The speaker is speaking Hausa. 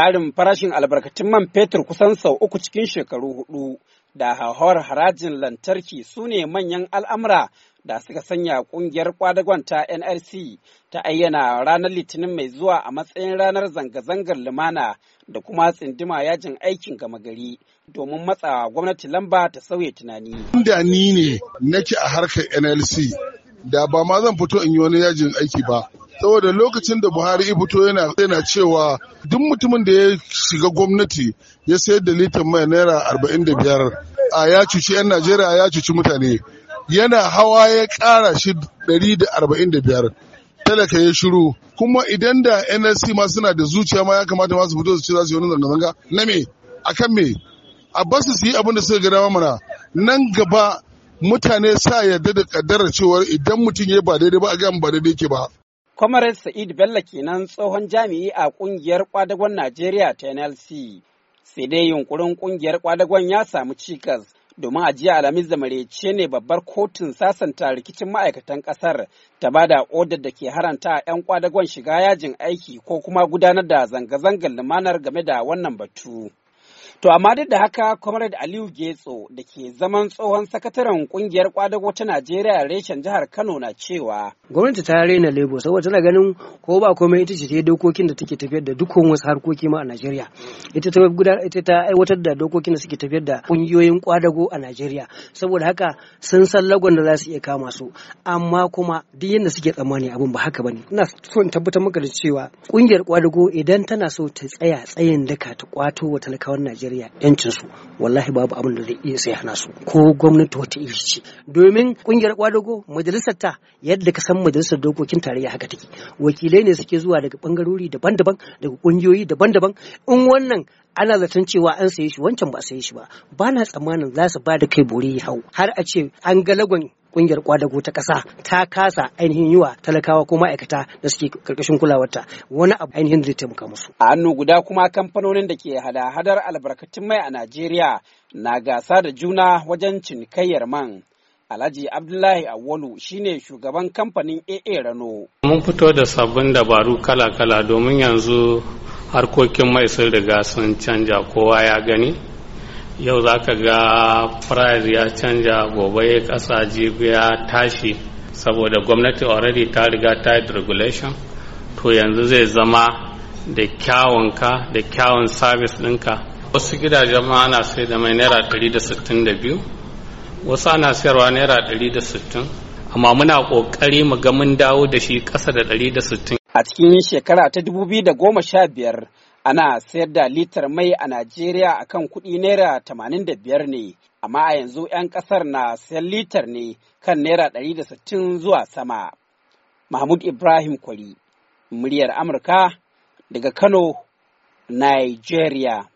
ƙarin farashin albarkatun man fetur kusan sau uku cikin shekaru hudu da hauhawar harajin lantarki su ne manyan al'amura da suka sanya kungiyar kwadagon ta nrc ta ayyana ranar litinin mai zuwa a matsayin ranar zanga-zangar lumana da kuma tsindima yajin aikin gama gari domin matsawa gwamnati lamba ta sauya tunani. da ni ne nake a harkar nlc da ba ma zan fito in yi wani yajin aiki ba saboda lokacin da buhari ya fito yana cewa duk mutumin da ya shiga gwamnati ya sayar da litan mai naira arba'in da biyar a ya cuci 'yan najeriya ya cuci mutane yana hawa ya ƙara shi ɗari da arba'in da biyar talaka ya shiru kuma idan da nlc ma suna da zuciya ma ya kamata masu fito su ci za su yi wani zanga-zanga na me akan me a basu su yi abin da suka gada mana nan gaba mutane sa yarda da kaddarar cewar idan mutum ya ba daidai ba a gan ba daidai ke ba Comrade Sa'id Bello kenan tsohon jami'i a ƙungiyar kwadagon Najeriya ta NLC. Sai dai yunkurin ƙungiyar kwadagon ya samu cikas domin a jiya alhamis da marece ne babbar kotun sasanta rikicin ma'aikatan ƙasar ta ba da odar da ke haranta 'yan kwadagon shiga yajin aiki ko kuma gudanar da zanga-zangar lumanar game da wannan batu. To amma duk da haka Comrade Aliyu Getso da ke zaman tsohon sakataren kungiyar kwadago ta Najeriya reshen jihar Kano na cewa. Gwamnati ta raina lebo saboda tana ganin ko ba komai ita ce ta yi dokokin da take tafiyar da dukkan wasu harkoki ma a Najeriya. Ita ta ta aiwatar da dokokin da suke tafiyar da kungiyoyin kwadago a Najeriya. Saboda haka sun san lagon da za su iya kama su amma kuma duk yadda suke tsammani abin ba haka ba ne. Ina son tabbatar maka da cewa kungiyar kwadago idan tana so ta tsaya tsayin daka ta kwato wa talakawan Najeriya. Najeriya yancin su wallahi babu abin da zai iya sai hana su ko gwamnati wata iri ce domin kungiyar kwadago majalisar ta yadda ka san majalisar dokokin tarayya haka take wakilai ne suke zuwa daga bangarori daban-daban daga kungiyoyi daban-daban in wannan ana zaton cewa an saye shi wancan ba a saye shi ba ba na tsammanin za su ba da kai bori hau har a ce an galagon kungiyar kwadago ta kasa ta kasa ainihin yiwa talakawa ko ma'aikata da suke karkashin kulawarta wani abu ainihin zai taimaka musu a hannu guda kuma kamfanonin da ke hada-hadar albarkatun mai a Najeriya na gasa da juna wajen cinikayyar man Alhaji Abdullahi Awolu shine shugaban kamfanin AA Rano. Mun fito da sabbin dabaru kala-kala domin yanzu harkokin mai sun riga sun canja kowa ya gani. yau za ka ga price ya canja gobe ya kasa jibi ya tashi saboda gwamnati already ta riga ta yi regulation to yanzu zai zama da kyawunka da kyawun service ɗinka wasu gidajen ma ana sai da mai naira 162 wasu ana sayarwa naira 160 amma muna ƙoƙari mu ga mun dawo da shi ƙasa da 160 a cikin shekara ta 2015 Ana sayar da litar mai a Najeriya a kan kuɗi Naira tamanin da biyar ne, amma a yanzu 'yan ƙasar na sayan litar ne kan Naira ɗari da sittin zuwa sama. Mahmud Ibrahim Kwari, muryar Amurka daga Kano, Nigeria.